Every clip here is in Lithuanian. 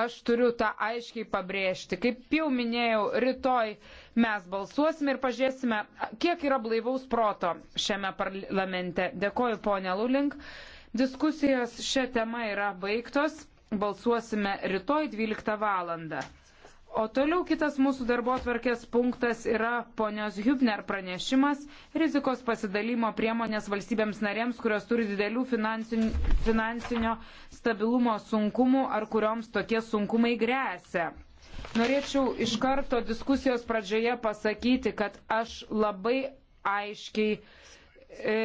aš turiu tą aiškiai pabrėžti. Kaip jau minėjau, rytoj mes balsuosime ir pažiūrėsime, kiek yra blaivaus proto šiame parlamente. Dėkoju, ponė Lulink. Diskusijos šią temą yra baigtos. Balsuosime rytoj 12 valandą. O toliau kitas mūsų darbo atvarkės punktas yra ponios Hübner pranešimas rizikos pasidalymo priemonės valstybėms narėms, kurios turi didelių finansinio stabilumo sunkumų ar kurioms tokie sunkumai grėsia. Norėčiau iš karto diskusijos pradžioje pasakyti, kad aš labai aiškiai. E,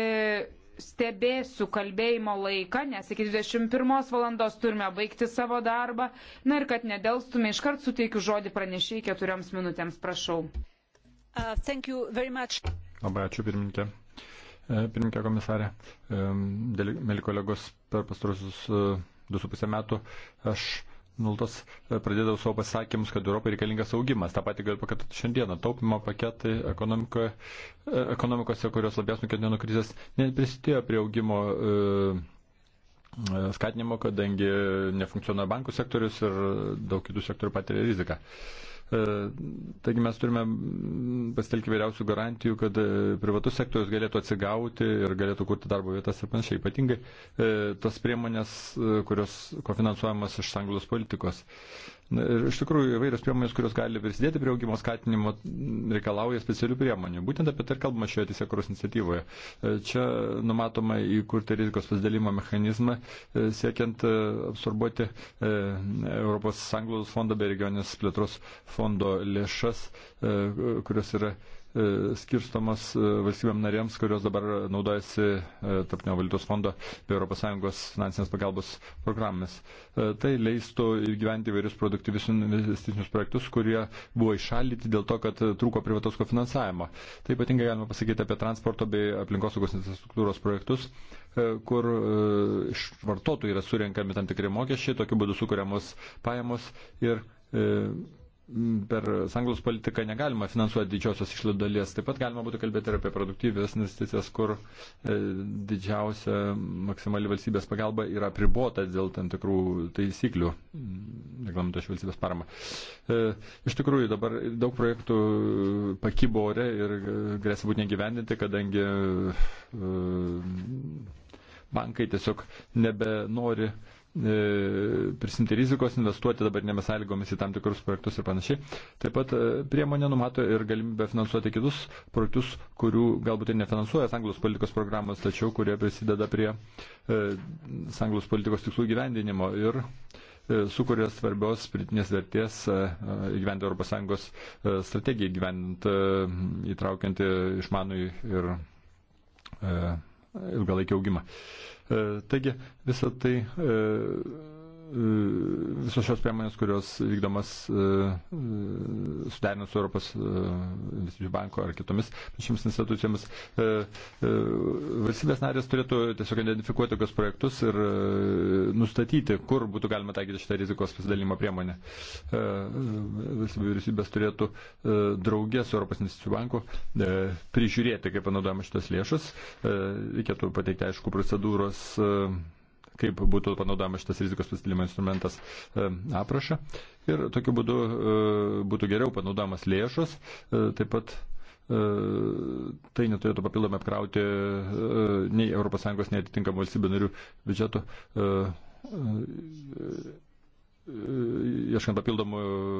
stebėsiu kalbėjimo laiką, nes iki 21 valandos turime baigti savo darbą. Na ir kad nedelstume, iškart suteikiu žodį pranešiai keturioms minutėms, prašau. Uh, Labai ačiū, pirmininkė. Uh, pirmininkė komisarė, um, mėly kolegos, per pastarusius 2,5 uh, metų aš uh, nultos e, pradėdavau savo pasakymus, kad Europai reikalingas augimas. Ta pati galiu pakartoti šiandieną. Taupimo paketai ekonomiko, e, ekonomikose, kurios labiausiai nukentėjo nuo krizės, neprisidėjo prie augimo. E, e, skatinimo, kadangi nefunkcionuoja bankų sektorius ir daug kitų sektorių patiria riziką. E, taigi mes turime pasitelkti vairiausių garantijų, kad e, privatus sektorius galėtų atsigauti ir galėtų kurti darbo vietas ir panašiai. Ypatingai e, tas priemonės, kurios kofinansuojamas iš anglos politikos. Ir iš tikrųjų įvairios priemonės, kurios gali prisidėti prie augimo skatinimo, reikalauja specialių priemonių. Būtent apie tai ir kalbama šioje teisėkuros iniciatyvoje. Čia numatoma įkurti rizikos pasidalimo mechanizmą, siekiant absorbuoti Europos Sąjungos fondą bei regionės plėtros fondo lėšas, e, kurios yra e, skirstamos e, valstybėm narėms, kurios dabar naudojasi Tarpinio valiutos fondo bei ES finansinės pagalbos programomis. Tai leistų įgyventi įvairius produktyvius investicinius projektus, kurie buvo išalyti dėl to, kad trūko privatos kofinansavimo. Tai ypatingai galima pasakyti apie transporto bei aplinkosaugos infrastruktūros projektus, kur iš vartotojų yra surinkami tam tikri mokesčiai, tokiu būdu sukūriamos pajamos ir Mm, per sanglos politiką negalima finansuoti didžiosios išlaidų dalies. Taip pat galima būtų kalbėti ir apie produktyvės investicijas, kur e, didžiausia maksimali valstybės pagalba yra pribota dėl tam tikrų taisyklių, mm, reglamento iš valstybės parama. E, iš tikrųjų, dabar daug projektų pakybo ore ir e, grėsia būti negyvendinti, kadangi bankai tiesiog nebenori E, prisimti rizikos, investuoti dabartinėmis sąlygomis į tam tikrus projektus ir panašiai. Taip pat e, priemonė numato ir galimybę finansuoti kitus projektus, kurių galbūt ir nefinansuoja sanglos politikos programos, tačiau kurie prisideda prie e, sanglos politikos tikslų gyvendinimo ir sukuria svarbios pritinės vertės įgyvendinti Europos Sąjungos strategiją, įgyvendinti įtraukiantį išmanų ir ilgalaikį augimą. E, taigi visą tai e, visos šios priemonės, kurios vykdomas e, e, suderinus su Europos e, investicijų banko ar kitomis šiomis institucijomis, valstybės narės turėtų tiesiog identifikuoti tokius projektus ir nustatyti, kur būtų galima taikyti šitą rizikos pasidalimo priemonę. Valstybės turėtų draugė su Europos investicijų banku prižiūrėti, kaip panaudojama šitas lėšas. Reikėtų pateikti aišku procedūros kaip būtų panaudojamas šitas rizikos pasidalimo instrumentas e, aprašą. Ir tokiu būdu e, būtų geriau panaudojamas lėšos, e, taip pat tai neturėtų papildomai apkrauti nei ES, nei atitinkamų valstybių narių biudžetų ieškant papildomų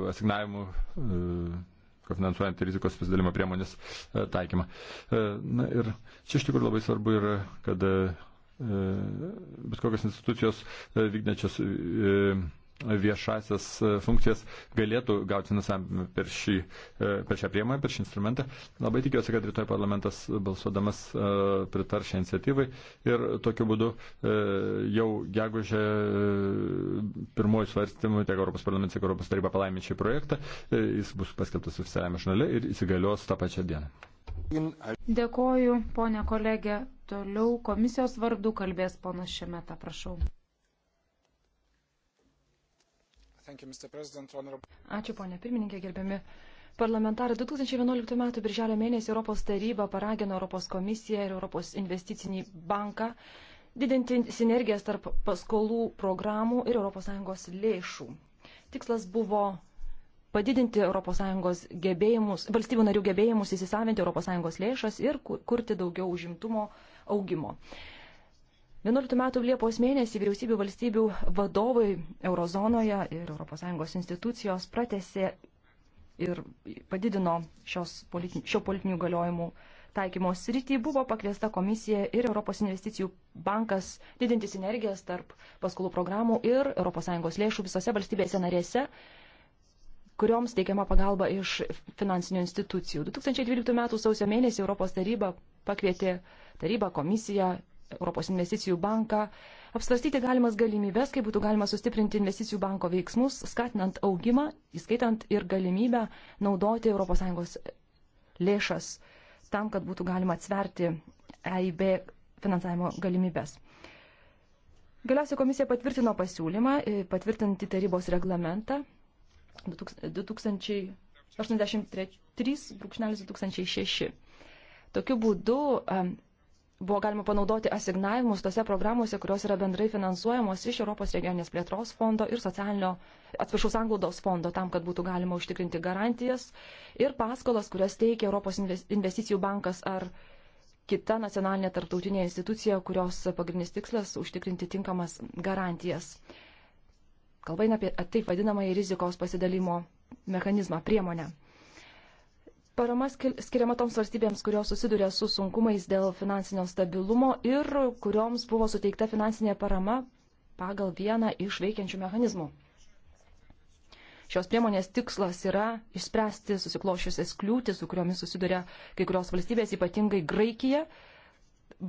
asignavimų kofinansuojant rizikos pasidalimo priemonės taikymą. Na ir čia iš tikrųjų labai svarbu yra, kad E, bet kokios institucijos e, vykdančios e, viešasias funkcijas galėtų gauti finansavimą per, šį, per šią priemonę, per šį instrumentą. Labai tikiuosi, kad rytoj parlamentas balsuodamas pritar šią iniciatyvai ir tokiu būdu jau gegužė pirmoji svarstymų tiek Europos parlamentas, tiek Europos taryba palaimė šį projektą, jis bus paskelbtas oficialiame žurnale ir įsigalios tą pačią dieną. Dėkoju, ponė kolegė Toliau komisijos vardu kalbės ponas Šemeta, prašau. Ačiū, ponė pirmininkė, gerbiami parlamentarai. 2011 m. birželio mėnesį Europos taryba paragino Europos komisiją ir Europos investicinį banką didinti sinergijas tarp paskolų programų ir ES lėšų. Tikslas buvo padidinti ES gebėjimus, valstybių narių gebėjimus įsisavinti ES lėšas ir kurti daugiau užimtumo augimo. 11 metų Liepos mėnesį vyriausybių valstybių vadovai Eurozonoje ir ES institucijos pratėsi ir padidino šios politi šio politinių galiojimų taikymo srity buvo pakviesta komisija ir Europos investicijų bankas didinti sinergijas tarp paskolų programų ir ES lėšų visose valstybėse narėse, kurioms teikiama pagalba iš finansinių institucijų. 2012 m. sausio mėnesį Europos taryba pakvietė tarybą, komisiją, Europos investicijų banką, apsvarstyti galimas galimybės, kaip būtų galima sustiprinti investicijų banko veiksmus, skatinant augimą, įskaitant ir galimybę naudoti ES lėšas tam, kad būtų galima atsverti EIB finansavimo galimybės. Galiausiai komisija patvirtino pasiūlymą e, patvirtinti tarybos reglamentą 2083-2006. Tokiu būdu buvo galima panaudoti asignavimus tose programuose, kurios yra bendrai finansuojamos iš Europos regioninės plėtros fondo ir socialinio, atsiprašau, sanglaudos fondo, tam, kad būtų galima užtikrinti garantijas ir paskolas, kurias teikia Europos investicijų bankas ar kita nacionalinė tarptautinė institucija, kurios pagrindinis tikslas - užtikrinti tinkamas garantijas. Kalba eina apie taip vadinamąjį rizikos pasidalimo mechanizmą, priemonę. Parama skiriama toms valstybėms, kurios susiduria su sunkumais dėl finansinio stabilumo ir kurioms buvo suteikta finansinė parama pagal vieną iš veikiančių mechanizmų. Šios priemonės tikslas yra išspręsti susiklošiusias kliūtis, su kuriomis susiduria kai kurios valstybės, ypatingai Graikija,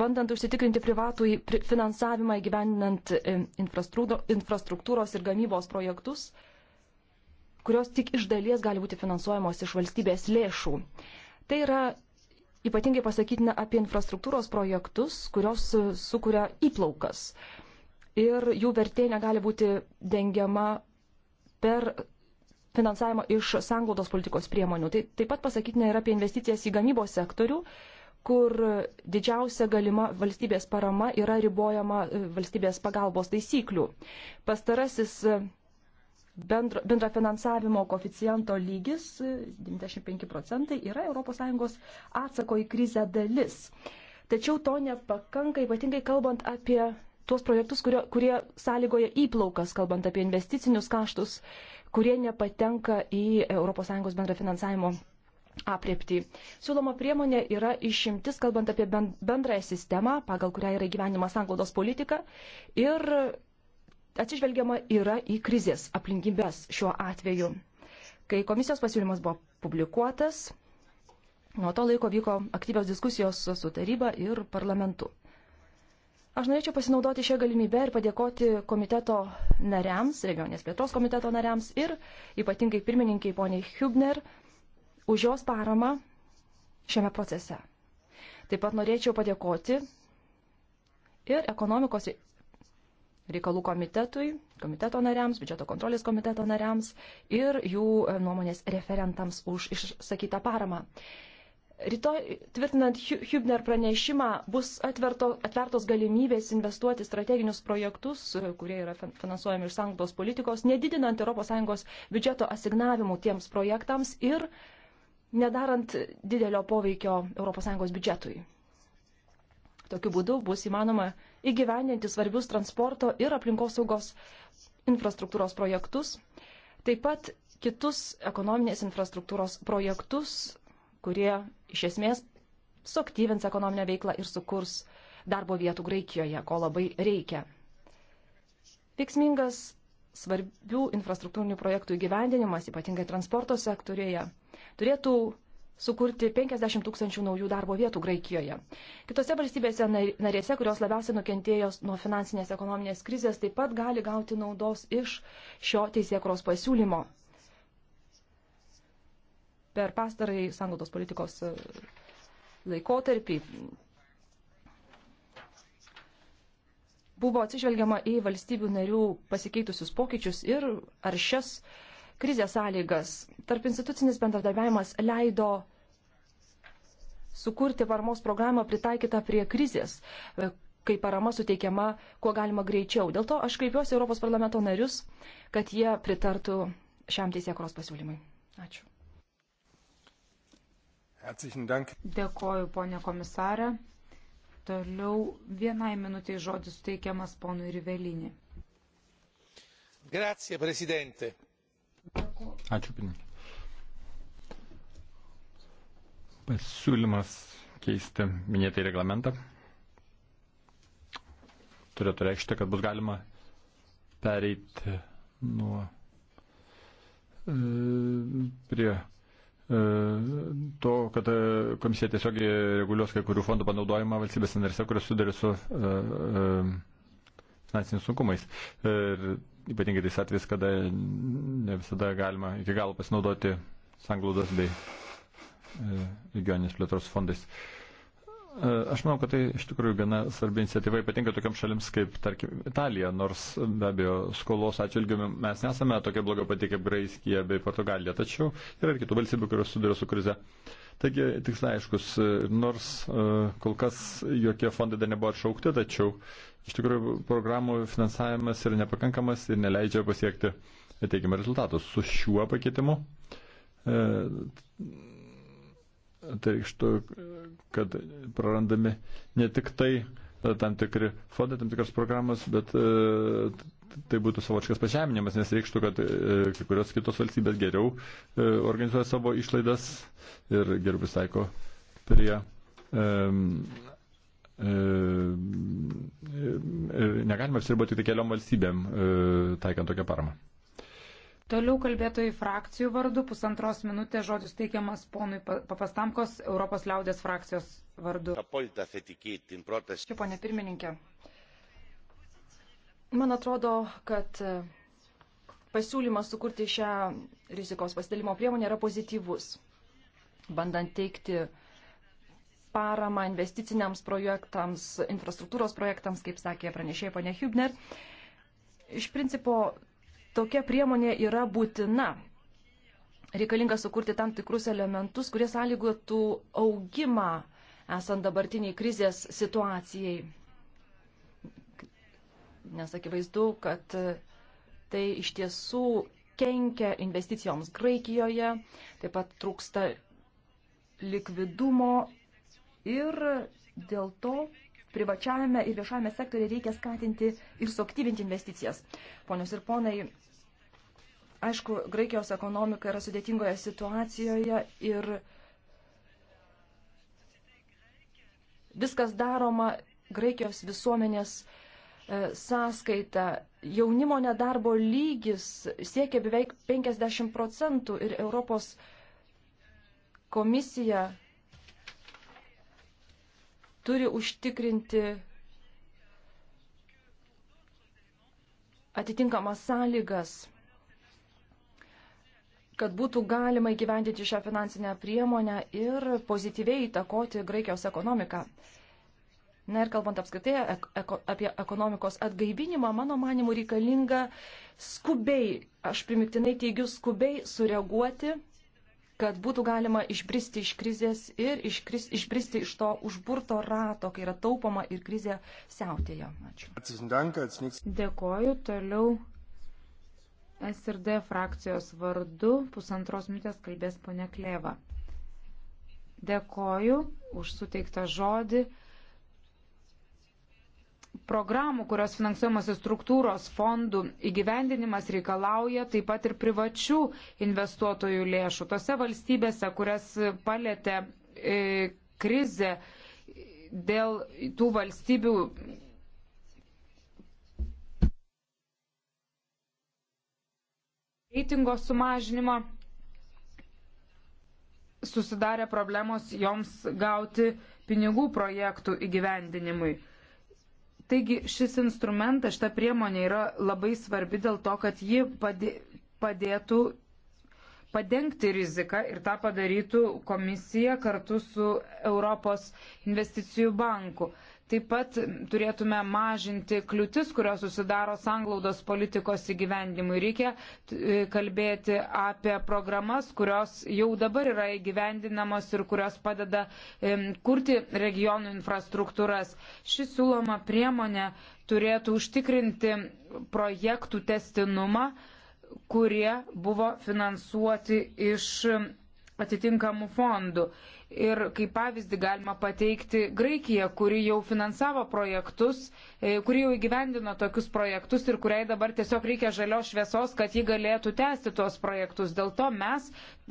bandant užsitikrinti privatų finansavimą įgyvendinant e, infrastruktūros ir gamybos projektus kurios tik iš dalies gali būti finansuojamos iš valstybės lėšų. Tai yra ypatingai pasakytina apie infrastruktūros projektus, kurios e, sukuria įplaukas. Ir jų vertė negali būti dengiama per finansavimą iš sanglaudos politikos priemonių. Tai taip pat pasakytina ir apie investicijas į gamybos sektorių, kur didžiausia galima valstybės parama yra ribojama e, valstybės pagalbos taisyklių. Pastarasis e, bendro, bendro finansavimo koficijento lygis 95 procentai yra ES atsako į krizę dalis. Tačiau to nepakanka, ypatingai kalbant apie tuos projektus, kurie, kurie sąlygoja įplaukas, kalbant apie investicinius kaštus, kurie nepatenka į ES bendrą finansavimo apriepti. Siūloma priemonė yra išimtis, kalbant apie bendrąją sistemą, pagal kurią yra gyvenimas anglodos politika ir atsižvelgiama yra į krizės aplinkybės šiuo atveju. Kai komisijos pasiūlymas buvo publikuotas, nuo to laiko vyko aktyvios diskusijos su taryba ir parlamentu. Aš norėčiau pasinaudoti šią galimybę ir padėkoti komiteto nariams, regionės plėtros komiteto nariams ir ypatingai pirmininkiai poniai Hübner už jos paramą šiame procese. Taip pat norėčiau padėkoti ir ekonomikos reikalų komitetui, komiteto nariams, biudžeto kontrolės komiteto nariams ir jų e, nuomonės referentams už išsakytą paramą. Rytoj, tvirtinant Hübner pranešimą, bus atverto, atvertos galimybės investuoti strateginius projektus, e, kurie yra finansuojami iš sąjungos politikos, nedidinant ES biudžeto asignavimų tiems projektams ir nedarant didelio poveikio ES biudžetui. Tokiu būdu bus įmanoma įgyvendinti svarbius transporto ir aplinkosaugos infrastruktūros projektus, taip pat kitus ekonominės infrastruktūros projektus, kurie iš esmės suaktyvins ekonominę veiklą ir sukurs darbo vietų Graikijoje, ko labai reikia. Veiksmingas svarbių infrastruktūrinių projektų įgyvendinimas, ypatingai transporto sektorėje, turėtų sukurti 50 tūkstančių naujų darbo vietų Graikijoje. Kitose valstybėse narėse, kurios labiausiai nukentėjo nuo finansinės ekonominės krizės, taip pat gali gauti naudos iš šio teisėkros pasiūlymo. Per pastarąjį sanglaudos politikos e, laikotarpį buvo atsižvelgiama į valstybių narių pasikeitusius pokyčius ir aršias šias krizės sąlygas. Tarp institucinis bendradarbiavimas leido sukurti paramos programą pritaikytą prie krizės, e, kai parama suteikiama kuo galima greičiau. Dėl to aš kreipiuosi Europos parlamento narius, kad jie pritartų šiam teisėkros pasiūlymui. Ačiū. Dėkoju, ponė komisarė. Toliau vienai minutiai žodis suteikiamas ponui Rivelinį. Grazie, prezidente. Ačiū, pininkė. Pasiūlymas keisti minėtai reglamentą turėtų reikšti, kad bus galima pereiti nuo e, prie e, to, kad e, komisija tiesiog reguliuos kai kurių fondų panaudojimą valstybės narėse, kurios sudarė su e, finansiniais sunkumais. Ir ypatingai tais atvejais, kada ne visada galima iki galo pasinaudoti sanglaudos bei e, regioninės plėtros fondais. E, aš manau, kad tai iš tikrųjų gana svarbi iniciatyva, ypatingai tokiam šalims kaip, tarkim, Italija, nors be abejo skolos atžvilgiu mes nesame tokia bloga pati kaip Graikija bei Portugalija, tačiau yra ir kitų valstybių, kurios suduria su krize. Taigi tikslai aiškus, e, nors kol kas jokie fondai dar nebuvo atšaukti, tačiau uh, iš tikrųjų programų finansavimas yra nepakankamas ir neleidžia pasiekti teigiamą rezultatų. Su šiuo pakeitimu e, tai reikštų, kad prarandami ne tik tai e, tam tikri fondai, tam tikras programas, bet e, tai būtų savočkas pažeminimas, nes reikštų, kad kai kurios kitos valstybės geriau organizuoja savo išlaidas ir geriau pristaiko prie E, e, e, negalime apsiriboti tik keliom valstybėm taikant tokią paramą. Toliau kalbėtojai frakcijų vardu pusantros minutės žodis teikiamas ponui Papastamkos Europos liaudės frakcijos vardu. Čia, ponė pirmininkė, man atrodo, kad pasiūlymas sukurti šią rizikos pasidalimo priemonę yra pozityvus, bandant teikti uh, paramą investiciniams projektams, infrastruktūros projektams, kaip sakė pranešėja ponė Hübner. Iš principo, tokia priemonė yra būtina. Reikalinga sukurti tam tikrus elementus, kurie sąlygotų augimą esant dabartiniai krizės situacijai. Nes akivaizdu, kad tai iš tiesų kenkia investicijoms Graikijoje, taip pat trūksta likvidumo ir dėl to privačiajame ir viešajame sektoriuje reikia skatinti ir suaktyvinti investicijas. Ponios ir ponai, aišku, Graikijos ekonomika yra sudėtingoje situacijoje ir viskas daroma Graikijos visuomenės e, sąskaita. Jaunimo nedarbo lygis siekia beveik 50 procentų ir Europos komisija turi užtikrinti atitinkamas sąlygas, kad būtų galima įgyvendinti šią finansinę priemonę ir pozityviai įtakoti Graikijos ekonomiką. Na ir kalbant apskritai eko, apie ekonomikos atgaivinimą, mano manimu reikalinga skubiai, aš primiktinai teigiu, skubiai sureaguoti kad būtų galima išbristi iš krizės ir iškris, išbristi iš to užburto rato, kai yra taupoma ir krizė siautėja. Ačiū. Dėkoju. Toliau SRD frakcijos vardu pusantros minutės kalbės ponia Kleva. Dėkoju už suteiktą žodį programų, kurios finansuojamos struktūros fondų įgyvendinimas reikalauja taip pat ir privačių investuotojų lėšų. Tose valstybėse, kurias palėtė e, krizė dėl tų valstybių. Reitingo sumažinimo susidarė problemos joms gauti pinigų projektų įgyvendinimui. Taigi šis instrumentas, šita priemonė yra labai svarbi dėl to, kad ji padėtų padengti riziką ir tą padarytų komisija kartu su Europos investicijų banku. Taip pat turėtume mažinti kliūtis, kurios susidaro sanglaudos politikos įgyvendimui. Reikia e, kalbėti apie programas, kurios jau dabar yra įgyvendinamos ir kurios padeda kurti regionų infrastruktūras. Ši siūloma priemonė turėtų užtikrinti projektų testinumą, kurie buvo finansuoti iš atitinkamų fondų. Ir kaip pavyzdį galima pateikti Graikiją, kuri jau finansavo projektus, e, kuri jau įgyvendino tokius projektus ir kuriai dabar tiesiog reikia žalios šviesos, kad ji galėtų tęsti tuos projektus. Dėl to mes,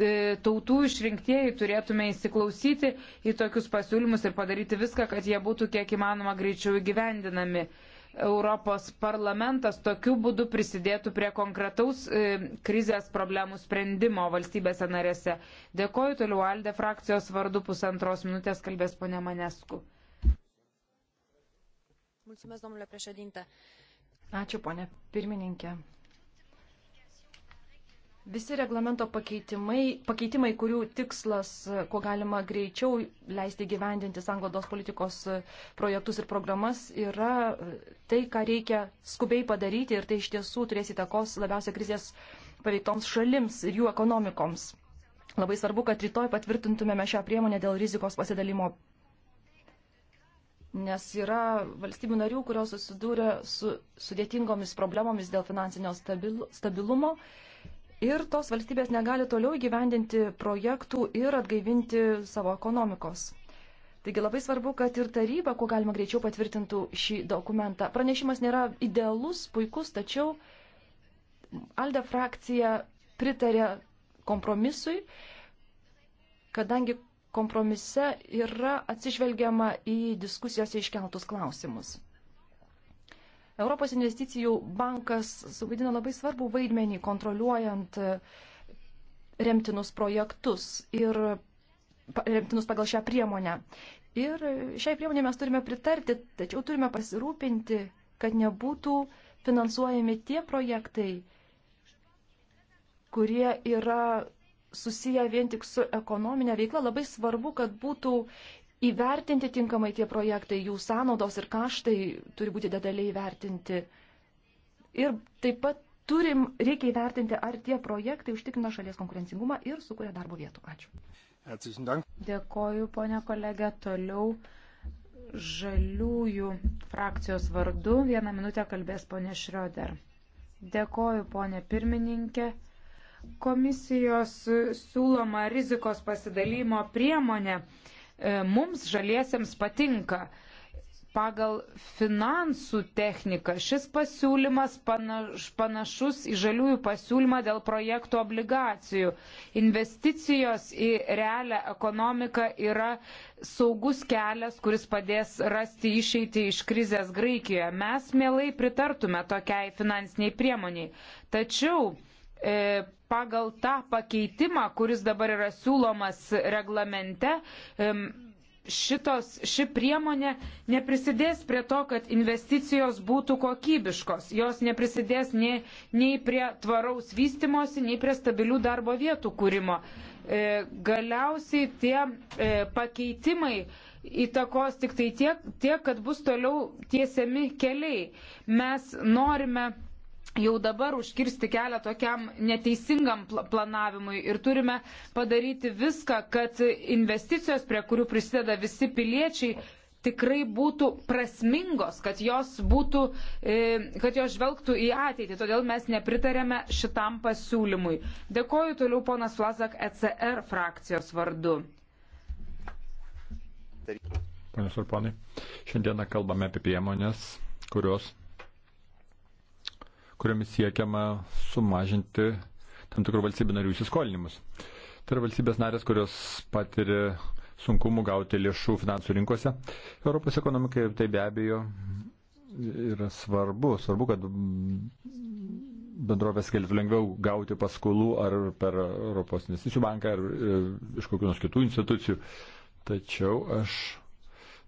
e, tautų išrinktieji, turėtume įsiklausyti į tokius pasiūlymus ir padaryti viską, kad jie būtų kiek įmanoma greičiau įgyvendinami. Europos parlamentas tokiu būdu prisidėtų prie konkretaus e, krizės problemų sprendimo valstybėse narėse. Dėkoju toliau Alde frakcijos vardu pusantros minutės kalbės ponė Manesku. Mulțumesc, domnule președinte. Ačiū, ponė pirmininkė. Visi reglamento pakeitimai, pakeitimai, kurių tikslas, ko galima greičiau leisti gyvendinti sanglados politikos projektus ir programas, yra tai, ką reikia skubiai padaryti ir tai iš tiesų turės įtakos labiausia krizės paveiktoms šalims ir jų ekonomikoms. Labai svarbu, kad rytoj patvirtintumėme šią priemonę dėl rizikos pasidalimo nes yra valstybių narių, kurios susidūrė su sudėtingomis problemomis dėl finansinio stabilumo ir tos valstybės negali toliau įgyvendinti projektų ir atgaivinti savo ekonomikos. Taigi labai svarbu, kad ir taryba, kuo galima greičiau patvirtintų šį dokumentą. Pranešimas nėra idealus, puikus, tačiau Alde frakcija pritarė kompromisui, kadangi kompromise yra atsižvelgiama į diskusijose iškeltus klausimus. Europos investicijų bankas suvaidina labai svarbų vaidmenį kontroliuojant e, remtinus projektus ir remtinus pagal šią priemonę. Ir šiai priemonė mes turime pritarti, tačiau turime pasirūpinti, kad nebūtų finansuojami tie projektai, kurie yra susiję vien tik su ekonominė veikla. Labai svarbu, kad būtų įvertinti tinkamai tie projektai, jų sąnaudos ir kaštai turi būti detaliai įvertinti. Ir taip pat turim, reikia įvertinti, ar tie projektai užtikrina šalies konkurencingumą ir sukuria darbo vietų. Ačiū. Dėkoju, ponia kolegė. Toliau žaliųjų frakcijos vardu vieną minutę kalbės ponia Šrioder. Dėkoju, ponia pirmininkė komisijos siūloma rizikos pasidalymo priemonė E, mums žaliesiems patinka. Pagal finansų techniką šis pasiūlymas panaš, panašus į žaliųjų pasiūlymą dėl projektų obligacijų. Investicijos į realią ekonomiką yra saugus kelias, kuris padės rasti išeitį iš krizės Graikijoje. Mes mielai pritartume tokiai finansiniai priemoniai. Tačiau e, pagal tą pakeitimą, kuris dabar yra siūlomas reglamente, šitos, ši priemonė neprisidės prie to, kad investicijos būtų kokybiškos. Jos neprisidės nei, nei prie tvaraus vystimosi, nei prie stabilių darbo vietų kūrimo. E, galiausiai tie e, pakeitimai įtakos tik tai tiek, tiek, kad bus toliau tiesiami keliai. Mes norime jau dabar užkirsti kelią tokiam neteisingam planavimui ir turime padaryti viską, kad investicijos, prie kurių prisideda visi piliečiai, tikrai būtų prasmingos, kad jos, būtų, e, kad jos žvelgtų į ateitį. Todėl mes nepritarėme šitam pasiūlymui. Dėkoju toliau ponas Vlazak ECR frakcijos vardu. Ponios ir ponai, šiandieną kalbame apie priemonės, kurios kuriomis siekiama sumažinti tam tikrų valstybių narių įsiskolinimus. Tai yra valstybės narės, kurios patiria sunkumų gauti lėšų finansų rinkose. Europos ekonomikai tai be abejo yra svarbu. Svarbu, kad bendrovės galėtų lengviau gauti paskolų ar per Europos investicijų banką ar e, iš kokių nors kitų institucijų. Tačiau aš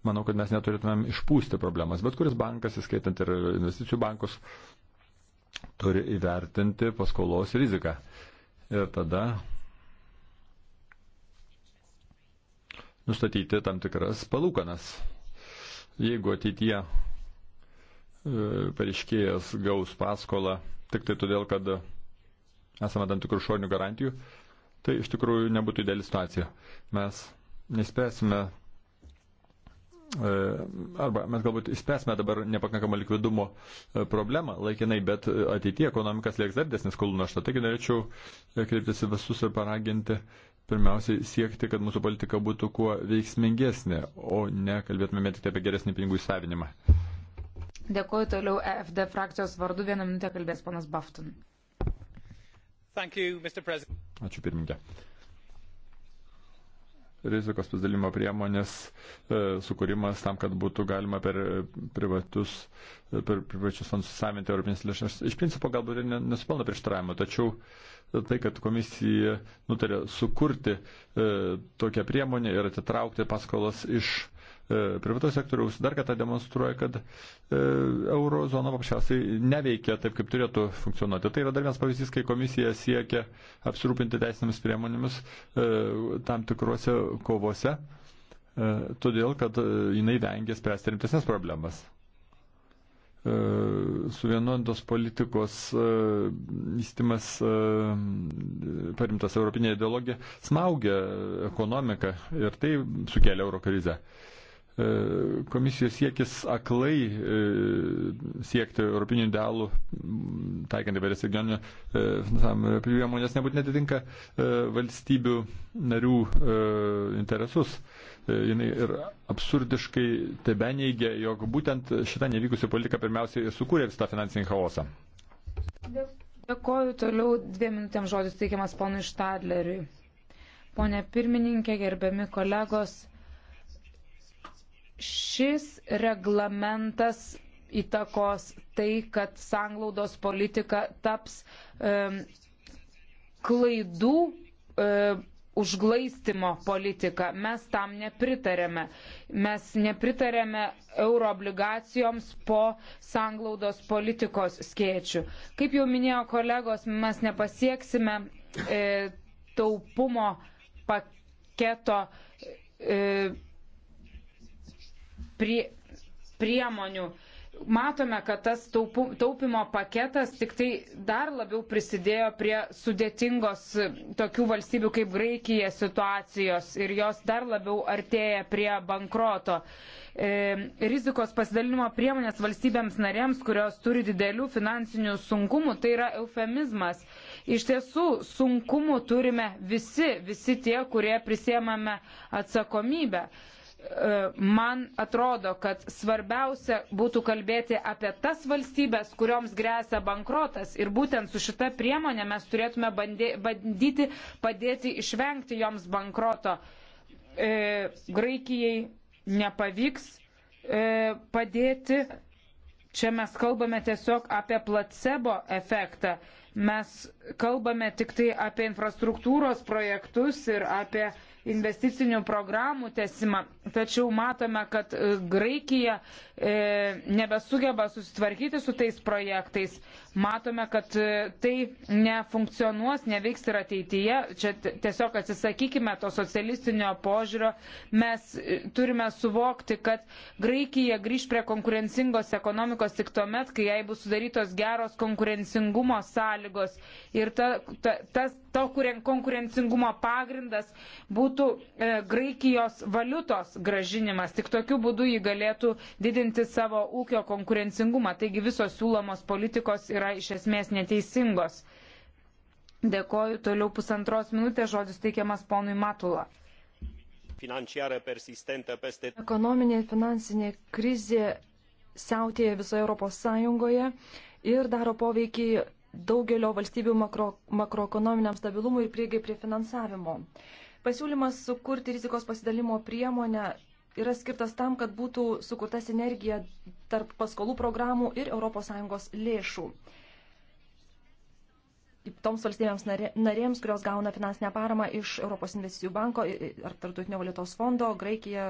manau, kad mes neturėtumėm išpūsti problemas. Bet kuris bankas, įskaitant ir investicijų bankus, turi įvertinti paskolos riziką. Ir tada nustatyti tam tikras palūkanas. Jeigu ateityje e, pareiškėjas gaus paskolą tik tai todėl, kad esame tam tikrų šornių garantijų, tai iš tikrųjų nebūtų ideali situacija. Mes nespręsime E, arba mes galbūt išspręsime dabar nepakankamą likvidumo e, problemą laikinai, bet ateityje ekonomikas lieks dar desnis skolų našta. Taigi norėčiau e, kreiptis į visus ir paraginti pirmiausiai siekti, kad mūsų politika būtų kuo veiksmingesnė, o ne kalbėtume tik apie geresnį pinigų įsavinimą. Dėkuoju toliau EFD frakcijos vardu. Vieną minutę kalbės panas Bafton. You, Ačiū pirmininkė rizikos pasidalimo priemonės e, sukūrimas tam, kad būtų galima per privatus, e, per privačius fondus susavinti europinės lėšas. Iš principo galbūt ir nesupelno prieštaravimo, tačiau tai, kad komisija nutarė sukurti e, tokią priemonę ir atitraukti paskolas iš E, privataus sektoriaus dar kartą demonstruoja, kad e, eurozona paprasčiausiai neveikia taip, kaip turėtų funkcionuoti. Tai yra dar vienas pavyzdys, kai komisija siekia apsirūpinti teisinėmis priemonėmis e, tam tikrose kovose, todėl, kad jinai vengia spręsti rimtesnės problemas suvienodintos politikos įstimas parimtas europinė ideologija smaugia ekonomiką ir tai sukelia euro krizę. E, komisijos siekis aklai e, siekti europinių idealų, taikant įvairias regioninio e, finansavimo priemonės, nebūtinai atitinka valstybių narių interesus. Ir absurdiškai tebe neigia, jog būtent šitą nevykusią politiką pirmiausiai sukūrė visą finansinį chaosą. Dėkoju toliau dviem minutėm žodis teikiamas ponui Štadleriui. Pone pirmininkė, gerbiami kolegos šis reglamentas įtakos tai, kad sanglaudos politika taps e, klaidų e, užglaistimo politika. Mes tam nepritarėme. Mes nepritarėme euroobligacijoms po sanglaudos politikos skėčių. Kaip jau minėjo kolegos, mes nepasieksime e, taupumo paketo. E, prie, priemonių. Matome, kad tas taupu, taupimo paketas tik tai dar labiau prisidėjo prie sudėtingos e, tokių valstybių kaip Graikija situacijos ir jos dar labiau artėja prie bankroto. E, rizikos pasidalinimo priemonės valstybėms narėms, kurios turi didelių finansinių sunkumų, tai yra eufemizmas. Iš tiesų, sunkumų turime visi, visi tie, kurie prisėmame atsakomybę. E, E, man atrodo, kad svarbiausia būtų kalbėti apie tas valstybės, kurioms grėsia bankrotas. Ir būtent su šita priemonė mes turėtume bandyti padėti išvengti joms bankroto. E, Graikijai nepavyks e, padėti. Čia mes kalbame tiesiog apie placebo efektą. Mes kalbame tik tai apie infrastruktūros projektus ir apie e, investicinių programų tesimą. Tačiau matome, kad e, Graikija e, nebesugeba susitvarkyti su tais projektais. Matome, kad e, tai nefunkcionuos, neveiks ir ateityje. Čia tiesiog atsisakykime to socialistinio požiūrio. Mes e, turime suvokti, kad Graikija grįž prie konkurencingos ekonomikos tik tuomet, kai jai bus sudarytos geros konkurencingumo sąlygos. Ir ta, ta, tas to konkurencingumo pagrindas būtų e, Graikijos valiutos gražinimas. Tik tokiu būdu jį galėtų didinti savo ūkio konkurencingumą. Taigi visos siūlomos politikos yra iš esmės neteisingos. Dėkoju. Toliau pusantros minutės žodis teikiamas ponui Matula. Peste... Ekonominė ir finansinė krizė siautėja visoje Europos Sąjungoje ir daro poveikį daugelio valstybių makro, makroekonominiam stabilumui ir prieigai prie finansavimo. Pasiūlymas sukurti rizikos pasidalimo priemonę yra skirtas tam, kad būtų sukurta sinergija tarp paskolų programų ir ES lėšų. Toms valstybėms narėms, kurios gauna finansinę paramą iš Europos investicijų banko ar Tartutinio valiutos fondo, Graikija,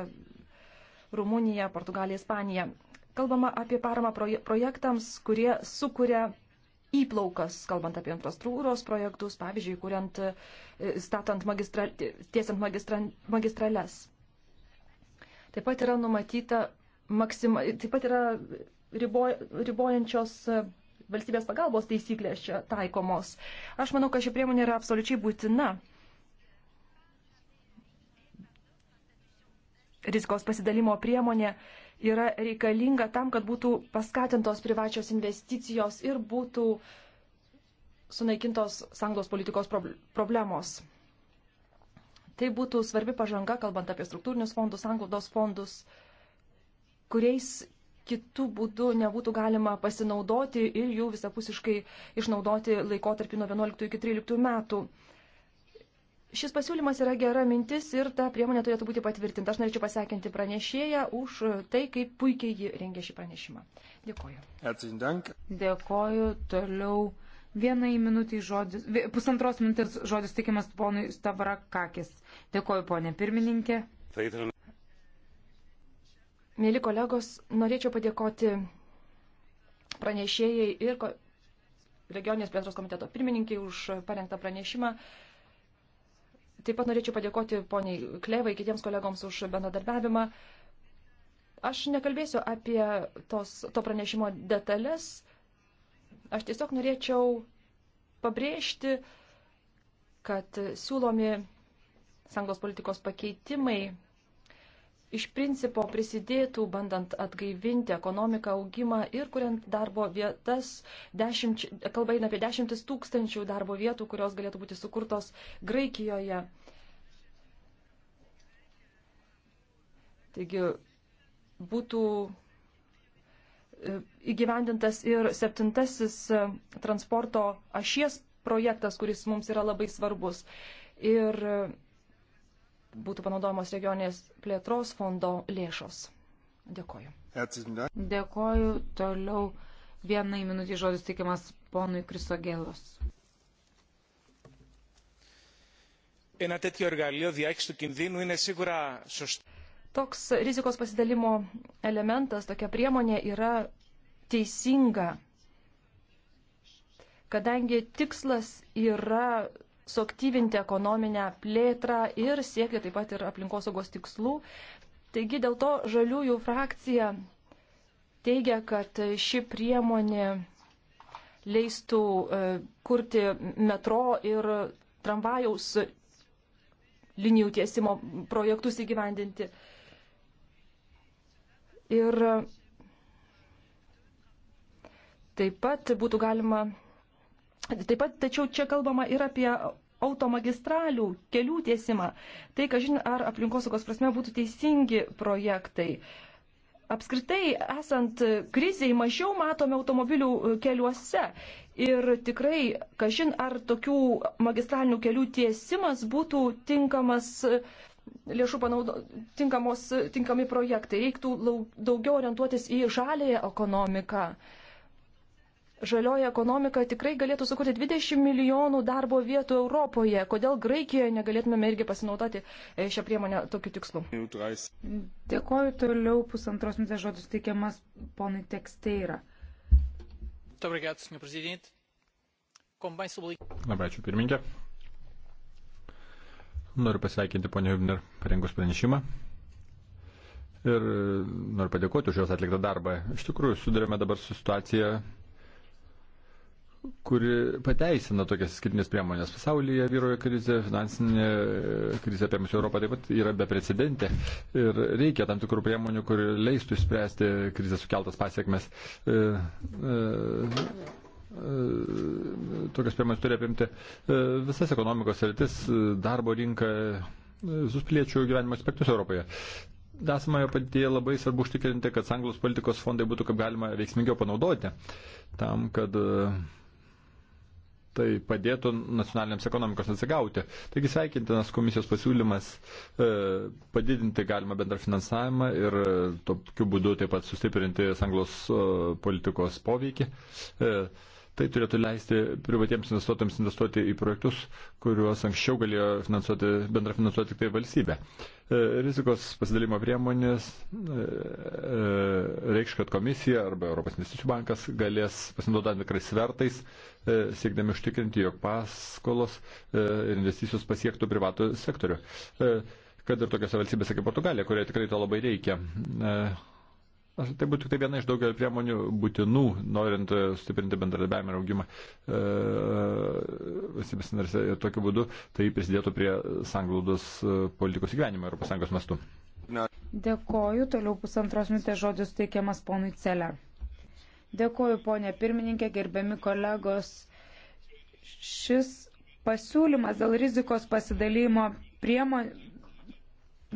Rumunija, Portugalija, Ispanija. Kalbama apie paramą projektams, kurie sukuria įplaukas, kalbant apie infrastruktūros projektus, pavyzdžiui, kuriant, e, statant magistra, tiesiant magistra, magistrales. Taip pat yra numatyta maksima, taip pat yra ribo, ribojančios e, valstybės pagalbos taisyklės čia taikomos. Aš manau, kad ši priemonė yra absoliučiai būtina. Rizikos pasidalimo priemonė yra reikalinga tam, kad būtų paskatintos privačios investicijos ir būtų sunaikintos sanglos politikos problemos. Tai būtų svarbi pažanga, kalbant apie struktūrinius fondus, sanglaudos fondus, kuriais kitų būdų nebūtų galima pasinaudoti ir jų visapusiškai išnaudoti laikotarpį nuo 11 iki 13 metų. Šis pasiūlymas yra gera mintis ir ta priemonė turėtų būti patvirtinta. Aš norėčiau pasveikinti pranešėją už tai, kaip puikiai ji rengė šį pranešimą. Dėkoju. Dėkoju. Toliau vienai minutį žodis, pusantros minutės žodis tikimas ponui Stavrakakis. Dėkoju, ponė pirmininkė. Mėly kolegos, norėčiau padėkoti pranešėjai ir regioninės plėtros komiteto pirmininkiai už parengtą pranešimą. Taip pat norėčiau padėkoti poniai Klevai, kitiems kolegoms už bendradarbiavimą. Aš nekalbėsiu apie tos, to pranešimo detalės. Aš tiesiog norėčiau pabrėžti, kad siūlomi sanglos politikos pakeitimai iš principo prisidėtų, bandant atgaivinti ekonomiką, augimą ir kuriant darbo vietas, dešimt, kalba eina apie dešimtis tūkstančių darbo vietų, kurios galėtų būti sukurtos Graikijoje. Taigi būtų e, įgyvendintas ir septintasis e, transporto ašies projektas, kuris mums yra labai svarbus. Ir e, būtų panaudojamos regionės plėtros fondo lėšos. Dėkoju. Dėkoju. Toliau vienai minutį žodis teikiamas ponui Krisogėlos. Toks rizikos pasidalimo elementas, tokia priemonė yra teisinga, kadangi tikslas yra suaktyvinti ekonominę plėtrą ir siekti taip pat ir aplinkosaugos tikslų. Taigi dėl to žaliųjų frakcija teigia, kad ši priemonė leistų e, kurti metro ir tramvajaus linijų tiesimo projektus įgyvendinti. Ir taip pat būtų galima Taip pat, tačiau čia kalbama ir apie automagistralių kelių tiesimą. Tai, kažin, ar aplinkosaugos prasme būtų teisingi projektai. Apskritai, esant kriziai, mažiau matome automobilių e, keliuose. Ir tikrai, kažin, ar tokių magistralinių kelių tiesimas būtų tinkamas e, lėšų panaudo, tinkamos, e, tinkami projektai. Reiktų daugiau orientuotis į žalėją ekonomiką. Uh, žalioji ekonomika tikrai galėtų sukurti 20 milijonų darbo vietų Europoje. Kodėl Graikijoje negalėtumėme irgi pasinaudoti e, šią priemonę tokiu tikslu? Dėkoju toliau pusantros minutės žodis teikiamas ponui Teksteira. Labai ačiū pirmininkė. Noriu pasveikinti ponio Hübner parengus pranešimą. Ir e, noriu padėkoti už jos atliktą darbą. Iš tikrųjų, sudarėme dabar su situacija kuri pateisina tokias skirtinės priemonės. Pasaulyje vyroja krizė, finansinė e, krizė apie mūsų Europą taip pat yra beprecedentė ir reikia tam tikrų priemonių, kuri leistų išspręsti krizės sukeltas pasiekmes. E, e, e Tokios priemonės turi apimti e, visas ekonomikos rytis, darbo rinką, visus piliečių gyvenimo aspektus Europoje esamoje padėtyje labai svarbu užtikrinti, kad sanglos politikos fondai būtų kaip galima veiksmingiau panaudoti, tam, kad tai padėtų nacionaliniams ekonomikos atsigauti. Taigi sveikintinas komisijos pasiūlymas e, padidinti galima bendrą finansavimą ir e, tokiu būdu taip pat sustiprinti sanglos e, politikos poveikį. E, Tai turėtų leisti privatiems investuotojams investuoti į projektus, kuriuos anksčiau galėjo finansuoti, bendra finansuoti tik tai valstybė. E, E, rizikos pasidalimo priemonės e, e, reikš, kad komisija arba Europos investicijų bankas galės pasinaudodami tikrais svertais, siekdami užtikrinti, jog paskolos ir investicijos pasiektų privatų sektorių. Kad ir tokiose valstybėse kaip Portugalija, kurioje tikrai to labai reikia. Tai būtų tik tai viena iš daugelio priemonių būtinų, norint e, stiprinti bendradarbiavimą ir augimą e, valstybės narėse. Ir tokiu būdu tai prisidėtų prie sanglaudos e, politikos įgyvenimo ES mastu. Dėkoju. Toliau pusantros minutės žodis teikiamas ponui Celer. Dėkoju, ponė pirmininkė, gerbiami kolegos. Šis pasiūlymas dėl rizikos pasidalymo priemonių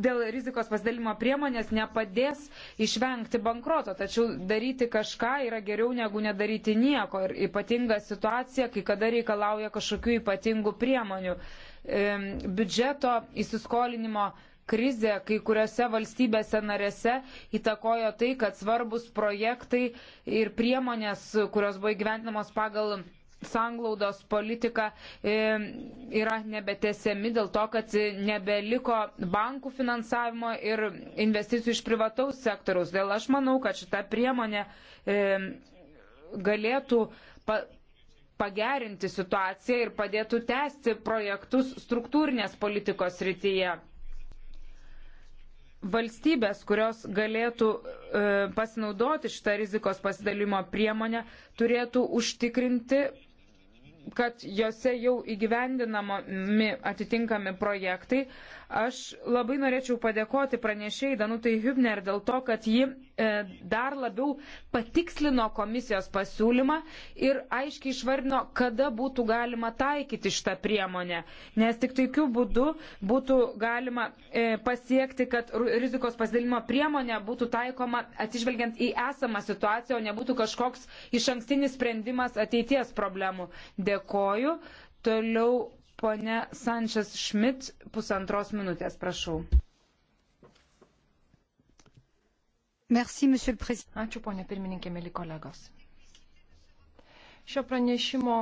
dėl rizikos pasidalimo priemonės nepadės išvengti bankroto, tačiau daryti kažką yra geriau negu nedaryti nieko. Ir ypatinga situacija, kai kada reikalauja kažkokių ypatingų priemonių. Biudžeto įsiskolinimo krizė kai kuriuose valstybėse narėse įtakojo tai, kad svarbus projektai ir priemonės, kurios buvo įgyventinamos pagal sanglaudos politika e, yra nebetesiami dėl to, kad nebeliko bankų finansavimo ir investicijų iš privataus sektoriaus. Dėl aš manau, kad šita priemonė e, galėtų pa pagerinti situaciją ir padėtų tęsti projektus struktūrinės politikos rytyje valstybės, kurios galėtų e, pasinaudoti šitą rizikos pasidalimo priemonę, turėtų užtikrinti kad jose jau įgyvendinami atitinkami projektai. Aš labai norėčiau padėkoti pranešėjai Danutai Hübner dėl to, kad ji E, dar labiau patikslino komisijos pasiūlymą ir aiškiai išvardino, kada būtų galima taikyti šitą priemonę. Nes tik tokiu būdu būtų galima e, pasiekti, kad rizikos pasidalimo priemonė būtų taikoma atsižvelgiant į esamą situaciją, o nebūtų kažkoks iš ankstinis sprendimas ateities problemų. Dėkoju. Toliau Pone Sančias Šmit, pusantros minutės, prašau. Merci, monsieur le président. Ačiū, ponė pirmininkė, mėly kolegos. Šio pranešimo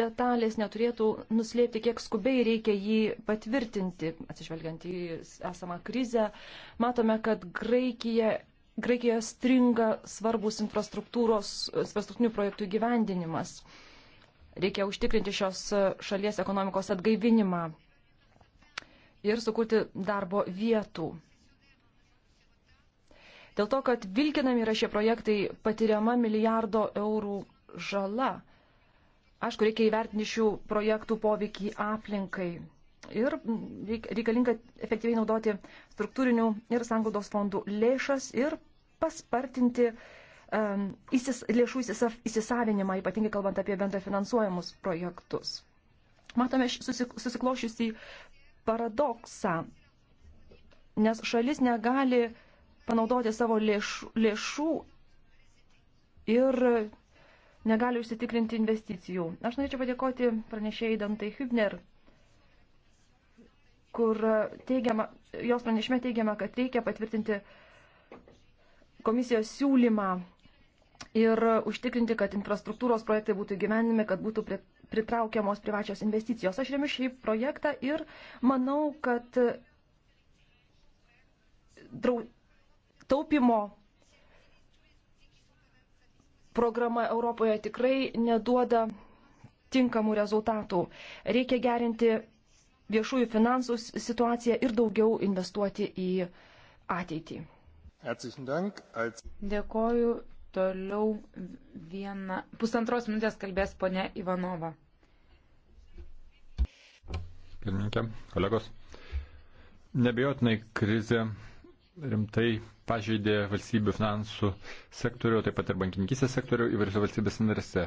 detalės neturėtų nuslėpti, kiek skubiai reikia jį patvirtinti, atsižvelgiant į esamą krizę. Matome, kad Graikija Graikijoje stringa svarbus infrastruktūros, infrastruktūrinių projektų gyvendinimas. Reikia užtikrinti šios šalies ekonomikos atgaivinimą ir sukurti darbo vietų. Dėl to, kad vilkinami yra šie projektai patiriama milijardo eurų žala. Aišku, reikia įvertinti šių projektų poveikį aplinkai. Ir reikalinga efektyviai naudoti struktūrinių ir sanglaudos fondų lėšas ir paspartinti um, įsis, lėšų įsisavinimą, ypatingai kalbant apie bendrai finansuojamus projektus. Matome susiklošiusi paradoksą, nes šalis negali panaudoti savo lėšų, lėšų ir negali užsitikrinti investicijų. Aš norėčiau padėkoti pranešėjai Dantai Hübner, kur teigiama, jos pranešime teigiama, kad reikia patvirtinti komisijos siūlymą ir užtikrinti, kad infrastruktūros projektai būtų gyvenimi, kad būtų pritraukiamos privačios investicijos. Aš remiu šį projektą ir manau, kad drau, taupimo programa Europoje tikrai neduoda tinkamų rezultatų. Reikia gerinti viešųjų finansų situaciją ir daugiau investuoti į ateitį. Dėkoju. Toliau viena, pusantros minutės kalbės ponia Ivanova. Pirmininkė, kolegos, nebejotinai krizė rimtai pažeidė valstybių finansų sektorių, taip pat ir bankininkysės sektorių įvairiose valstybės narėse.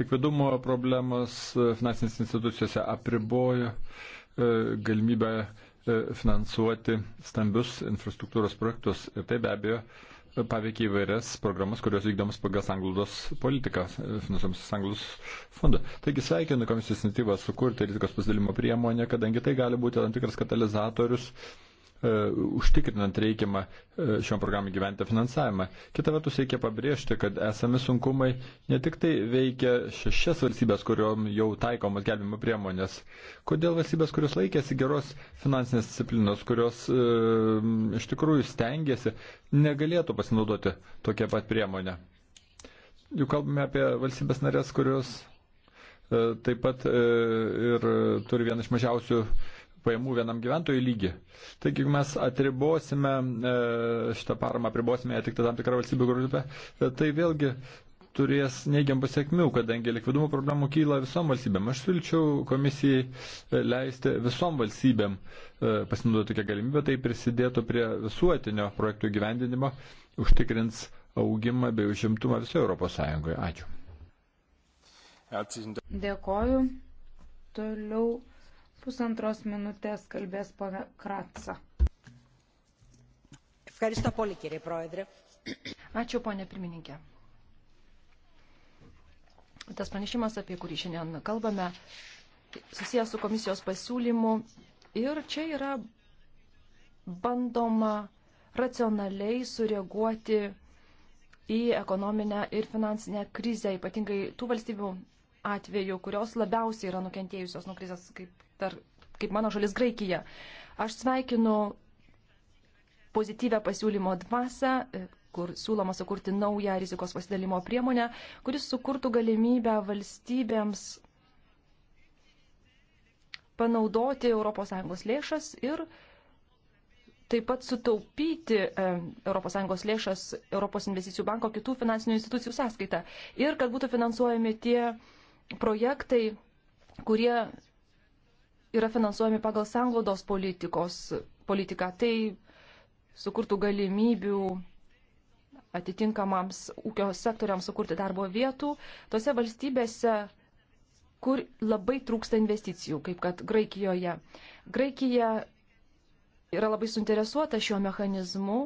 Likvidumo problemos e, finansinės institucijose apribojo e, galimybę e, finansuoti stambius infrastruktūros projektus. Ir tai be abejo paveikia įvairias programas, kurios vykdomas pagal sanglaudos politiką, finansuojamas sanglaudos fondą. Taigi sveikinu komisijos iniciatyvą sukurti rizikos pasidalimo priemonę, kadangi tai gali būti tam tikras katalizatorius uh, E, užtikrinant reikiamą e, šiom programai gyventi finansavimą. Kita vertus, reikia pabrėžti, kad esami sunkumai ne tik tai veikia šešias valstybės, kuriuom jau taikomos gelbimo priemonės. Kodėl valstybės, kurios laikėsi geros finansinės disciplinos, kurios e, iš tikrųjų stengiasi, negalėtų pasinaudoti tokią pat priemonę? Juk kalbame apie valstybės narės, kurios e, taip pat e, ir turi vieną iš mažiausių pajamų vienam gyventojui lygį. Taigi, jeigu mes atribosime e, šitą paramą, apribosime ją tik tam tikrą valstybių grupę, e, tai vėlgi turės neigiam pasiekmių, kadangi likvidumo problemų kyla visom valstybėm. Aš siūlyčiau komisijai e, leisti visom valstybėm pasinaudoti tokią galimybę, tai prisidėtų prie visuotinio projektų gyvendinimo, užtikrins augimą bei užimtumą visoje Europos Sąjungoje. Ačiū. Dėkoju. Toliau Pusantros minutės kalbės pana Kratsa. Ačiū, ponė pirmininkė. Tas pranešimas, apie kurį šiandien kalbame, susijęs su komisijos pasiūlymu ir čia yra bandoma racionaliai sureaguoti į ekonominę ir finansinę krizę, ypatingai tų valstybių atveju, kurios labiausiai yra nukentėjusios nuo krizės, kaip, tar, kaip mano šalis Graikija. Aš sveikinu pozityvę pasiūlymo dvasę, kur siūloma sukurti naują rizikos pasidalimo priemonę, kuris sukurtų galimybę valstybėms panaudoti ES lėšas ir taip pat sutaupyti ES lėšas ES banko kitų finansinių institucijų sąskaitą ir kad būtų finansuojami tie projektai, kurie yra finansuojami pagal sanglaudos politikos politiką. Tai sukurtų galimybių atitinkamams ūkio sektoriams sukurti darbo vietų tose valstybėse, kur labai trūksta investicijų, kaip kad Graikijoje. Graikija yra labai suinteresuota šiuo mechanizmu,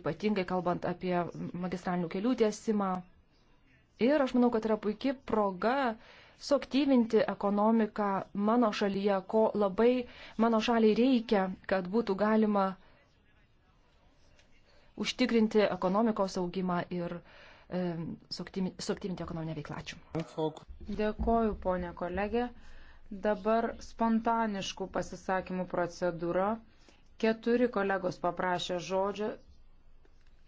ypatingai kalbant apie magistralinių kelių tiesimą Ir aš manau, kad yra puikia proga suaktyvinti ekonomiką mano šalyje, ko labai mano šaliai reikia, kad būtų galima užtikrinti ekonomikos augimą ir e, suaktyvinti ekonominę veiklą. Ačiū. Dėkoju, ponė kolegė. Dabar spontaniškų pasisakymų procedūra. Keturi kolegos paprašė žodžio,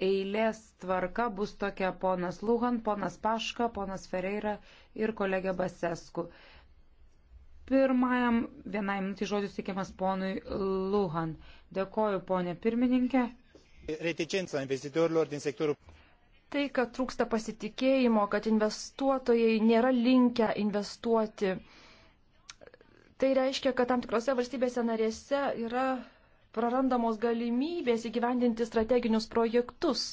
eilės tvarka bus tokia ponas Luhan, ponas Paška, ponas Ferreira ir kolegė Basesku. Pirmajam vienai minutį žodis teikiamas ponui Luhan. Dėkoju, ponė pirmininkė. Reticența investitorilor din sectorul. Tai, kad trūksta pasitikėjimo, kad investuotojai nėra linkę investuoti, tai reiškia, kad tam tikrose valstybėse narėse yra prarandamos galimybės įgyvendinti strateginius projektus.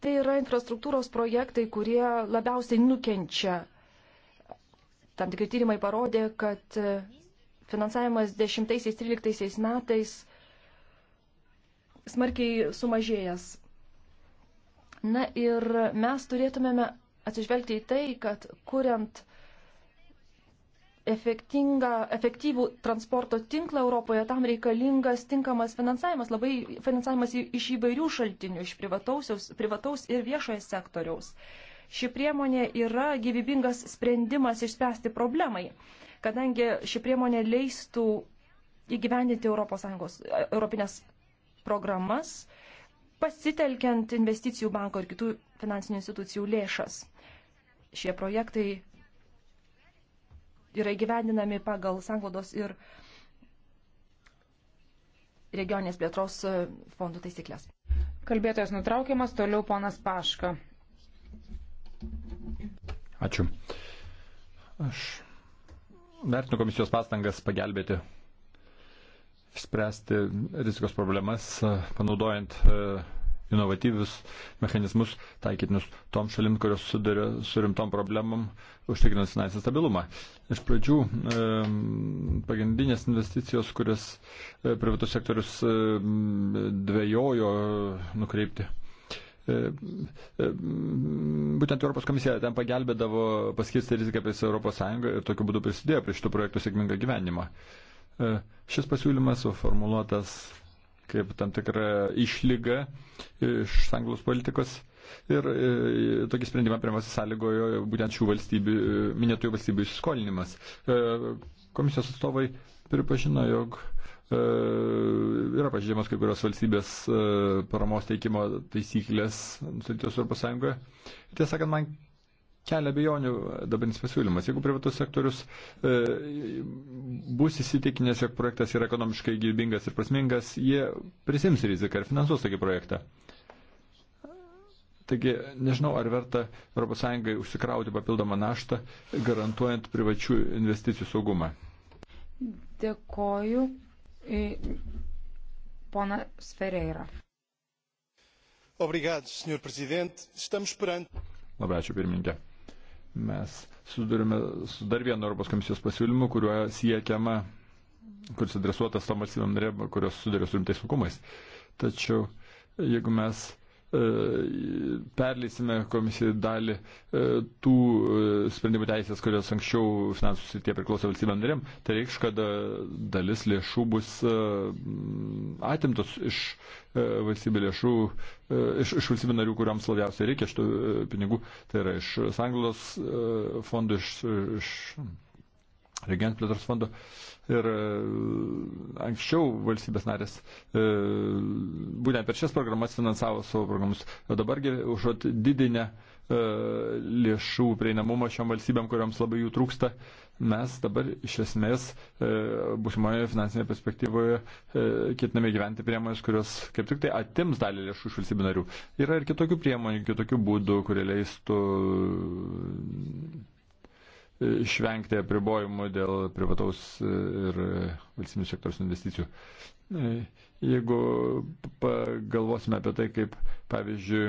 Tai yra infrastruktūros projektai, kurie labiausiai nukenčia. Tam tikri tyrimai parodė, kad finansavimas 10-13 metais smarkiai sumažėjęs. Na ir mes turėtumėme atsižvelgti į tai, kad kuriant uh, efektyvų transporto tinklą Europoje, tam reikalingas tinkamas finansavimas, labai finansavimas iš įvairių šaltinių, iš privataus, privataus ir viešojo sektoriaus. Ši priemonė yra gyvybingas sprendimas išspręsti problemai, kadangi ši priemonė leistų įgyvendinti ES, europinės programas, pasitelkiant investicijų banko ir kitų finansinių institucijų lėšas. Šie projektai yra įgyvendinami pagal sanglodos ir regioninės plėtros e, fondų taisyklės. Kalbėtojas nutraukiamas, toliau ponas Paška. Ačiū. Aš vertinu komisijos pastangas pagelbėti, spręsti rizikos problemas, panaudojant uh, inovatyvius mechanizmus taikytinus tom šalim, kurios sudarė su rimtom problemam, užtikrinant finansinį stabilumą. Iš pradžių e, pagrindinės investicijos, kurias e, privatus sektorius e, dvėjojo e, nukreipti. Būtent Europos komisija ten pagelbėdavo paskirsti riziką apie Europos Sąjungą ir tokiu būdu prisidėjo prie šitų projektų sėkmingą gyvenimą. E, šis pasiūlymas suformuoluotas kaip tam tikrą išlygą iš anglos politikos. Ir e, tokį sprendimą pirmiausia sąlygojo būtent šių valstybių, e, minėtųjų valstybių įsiskolinimas. E, komisijos atstovai pripažino, jog e, yra pažydžiamas kai kurios valstybės e, paramos teikimo taisyklės nustatytos Europos Sąjungoje. Tiesą sakant, man kelia bejonių dabartinis pasiūlymas. Jeigu privatus sektorius e, bus įsitikinęs, jog projektas yra ekonomiškai gyvybingas ir prasmingas, jie prisims riziką ir finansuos tokį projektą. Taigi nežinau, ar verta ES užsikrauti papildomą naštą, garantuojant privačių investicijų saugumą. Dėkoju. Pona Sfereira. Obrigado, Sr. Presidente. Estamos perante. Labai ačiū pirmininkė. Mes sudarime su dar vienu Europos komisijos pasiūlymu, kuriuo siekiama, kuris adresuotas tom valstybėm narėm, kurios sudarė su rimtais sunkumais. Tačiau jeigu mes E, perleisime komisijai dalį e, tų e, sprendimų teisės, kurios anksčiau finansų sitie priklauso valstybėm narėm, tai reikš, kad dalis lėšų bus atimtos iš valstybė lėšų, iš, iš valstybė narių, kuriams labiausiai reikia šitų pinigų, tai yra iš sanglos fondų, iš, iš regionų plėtros fondo. Ir e, anksčiau valstybės narės e, būtent per šias programas finansavo savo programus. O dabargi užuot didinę e, lėšų prieinamumą šiom valstybėm, kuriams labai jų trūksta, mes dabar iš esmės e, būsimoje finansinėje perspektyvoje e, ketiname gyventi priemonės, kurios kaip tik tai atims dalį lėšų iš valstybių narių. Yra ir kitokių priemonių, kitokių būdų, kurie leistų išvengti apribojimų dėl privataus ir valstybinio sektoriaus investicijų. Jeigu pagalvosime apie tai, kaip, pavyzdžiui,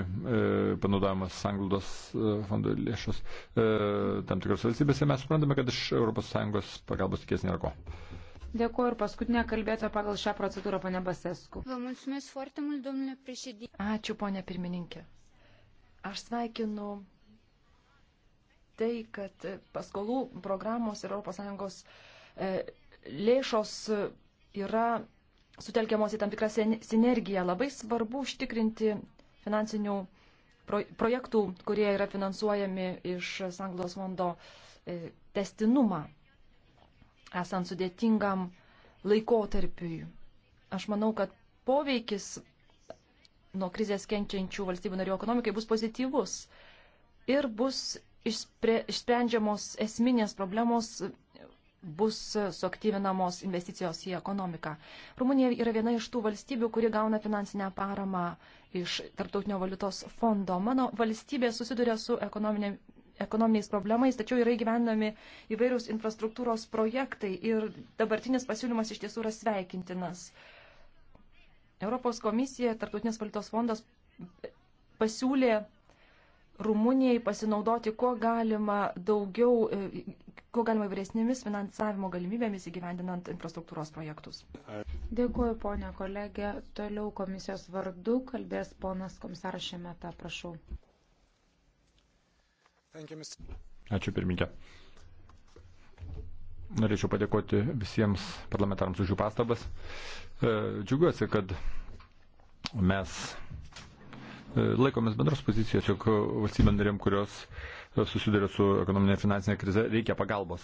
panaudojamas sanglaudos fondo lėšos e, tam tikrose valstybėse, mes suprantame, kad iš ES pagalbos tikės nėra ko. Dėkuoju ir paskutinę kalbėtoją pagal šią procedūrą, ponė Basesku. Ačiū, ponė pirmininkė. Aš sveikinu tai, kad paskolų programos ir ES lėšos yra sutelkiamos į tam tikrą sinergiją. Labai svarbu užtikrinti finansinių projektų, kurie yra finansuojami iš Sanglos fondo e, testinumą, esant sudėtingam laikotarpiui. Aš manau, kad poveikis nuo krizės kenčiančių valstybių narių ekonomikai bus pozityvus ir bus išspre, išsprendžiamos esminės problemos bus suaktyvinamos investicijos į ekonomiką. Rumunija yra viena iš tų valstybių, kuri gauna finansinę paramą iš Tartautinio valiutos fondo. Mano valstybė susiduria su ekonominė, ekonominiais problemais, tačiau yra įgyvendami įvairūs infrastruktūros projektai ir dabartinis pasiūlymas iš tiesų yra sveikintinas. Europos komisija, Tartautinis valiutos fondas pasiūlė Rumunijai pasinaudoti kuo galima daugiau, e, kuo galima vyresnėmis finansavimo galimybėmis įgyvendinant infrastruktūros projektus. Dėkuoju, ponia kolegė. Toliau komisijos vardu kalbės ponas komisaras Šemeta, prašau. Ačiū pirmininkė. Norėčiau padėkoti visiems parlamentarams už jų pastabas. E, Džiugiuosi, kad mes laikomės bendros pozicijos, jog valstybėm narėm, kurios susiduria su ekonominė finansinė krize, reikia pagalbos.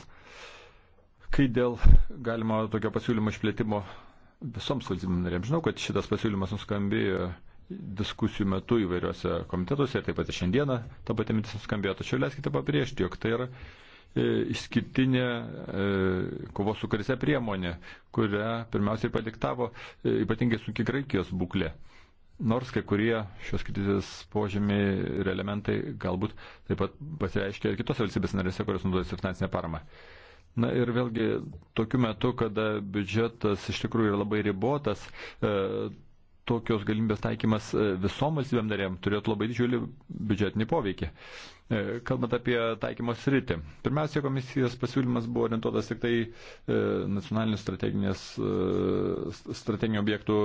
Kai dėl galima tokio pasiūlymo išplėtimo visoms valstybėm narėm, žinau, kad šitas pasiūlymas nuskambėjo diskusijų metu įvairiuose komitetuose ir taip pat ir šiandieną ta pati mintis nuskambėjo, tačiau leiskite pabrėžti, jog tai yra e, išskirtinė e, kovos su karise priemonė, kurią pirmiausiai padiktavo e, ypatingai sunki Graikijos būklė. Nors kai kurie šios krizės požymiai ir elementai galbūt taip pat pasireiškia ir kitose valstybės narėse, kurios naudojasi finansinę paramą. Na ir vėlgi, tokiu metu, kada biudžetas iš tikrųjų yra labai ribotas, e, tokios galimybės taikymas e, visom valstybėm narėm turėtų labai didžiulį biudžetinį poveikį. E, kalbant apie taikymo sritį. Pirmiausia, komisijos pasiūlymas buvo orientuotas tik tai e, nacionalinių strateginės, e, strateginių objektų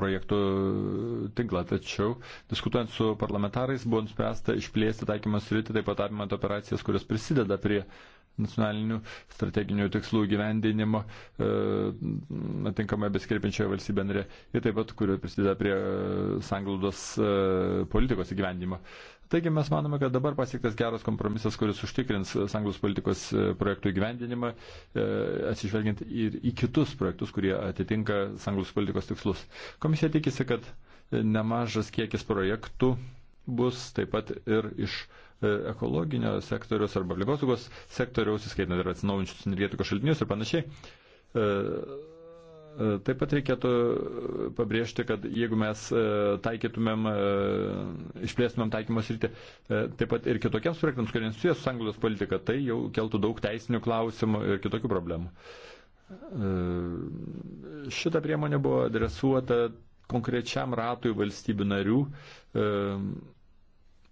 projektų e, tinklą. Tačiau, diskutuojant su parlamentarais, buvo nuspręsta išplėsti taikymą sritį, taip pat apimant operacijas, kurios prisideda prie nacionalinių strateginių tikslų gyvendinimo e, atinkamai beskirpinčioje valstybė narė ir taip pat, kurio prisideda prie e, sanglaudos politikos įgyvendinimo. Taigi mes manome, kad dabar pasiektas geras kompromisas, kuris užtikrins sanglos politikos e, projektų įgyvendinimą, e, atsižvelgiant ir į kitus projektus, kurie atitinka sanglos politikos tikslus. Komisija tikisi, kad nemažas kiekis projektų bus taip pat ir iš e, ekologinio sektoriaus arba aplinkosaugos sektoriaus, įskaitant ir atsinaujančius energetikos šaltinius ir panašiai E, taip pat reikėtų e, pabrėžti, kad jeigu mes e, taikytumėm, išplėstumėm taikymos rytį, taip pat ir kitokiems projektams, kurie nesusijęs su anglijos politika, tai jau keltų daug teisinių klausimų ir kitokių problemų. Šita priemonė buvo adresuota konkrečiam ratui valstybių narių.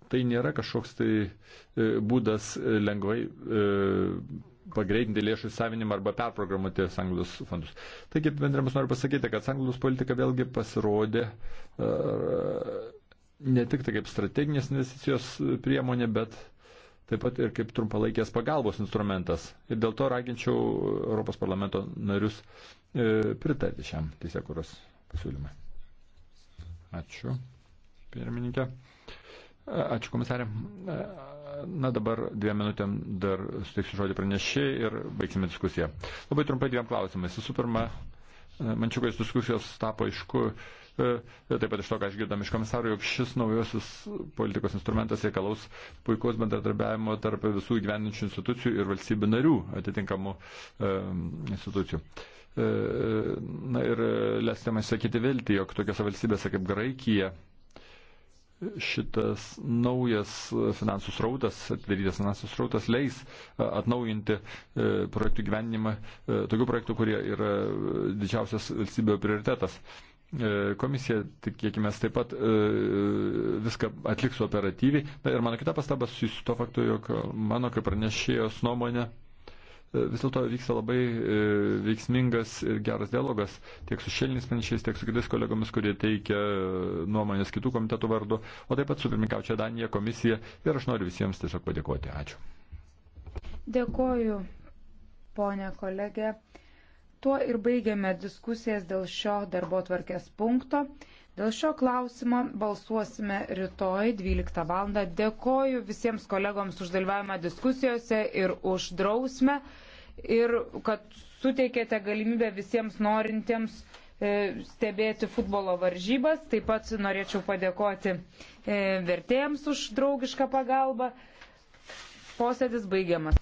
Tai nėra kažkoks tai būdas lengvai pagreitinti lėšų savinimą arba perprogramuoti sanglus fondus. Taigi, bendramas noriu pasakyti, kad sanglus politika vėlgi pasirodė e, ne tik tai kaip strateginės investicijos priemonė, bet taip pat ir kaip trumpalaikės pagalbos instrumentas. Ir dėl to raginčiau Europos parlamento narius e, pritarti šiam teisėkuros pasiūlymui. Ačiū, pirmininkė. Ačiū, komisarė. Na dabar dviem minutėm dar suteiksiu žodį pranešėjai ir baigsime diskusiją. Labai trumpai dviem klausimais. Visų pirma, e, mančiau, kad diskusijos tapo aišku. E, taip pat iš to, ką aš girdam iš komisarų, jog šis naujosis politikos instrumentas reikalaus puikaus bendradarbiavimo tarp visų gyvenančių institucijų ir valstybių narių atitinkamų e, institucijų. E, e na ir leistėme sakyti viltį, jog tokiose valstybėse kaip Graikija e, šitas naujas finansų srautas, atidarytas finansų srautas leis atnaujinti e, projektų gyvenimą, e, tokių projektų, kurie yra didžiausias valstybėjo prioritetas. E, komisija, tikėkime, taip pat viską atliks operatyviai. Ir mano kita pastaba susijusi su to faktu, jog mano kaip pranešėjos nuomonė vis dėlto vyksta labai e, veiksmingas ir geras dialogas tiek su šelniais panašiais, tiek su kitais kolegomis, kurie teikia e, nuomonės kitų komitetų vardu, o taip pat su pirmininkaučia Danija komisija ir aš noriu visiems tiesiog padėkoti. Ačiū. Dėkoju, ponė kolegė. Tuo ir baigiame diskusijas dėl šio darbo tvarkės punkto. Dėl šio klausimo balsuosime rytoj 12 val. Dėkoju visiems kolegoms už dalyvavimą diskusijose ir už drausmę ir kad suteikėte galimybę visiems norintiems e, stebėti futbolo varžybas. Taip pat norėčiau padėkoti e, vertėjams už draugišką pagalbą. Posėdis baigiamas.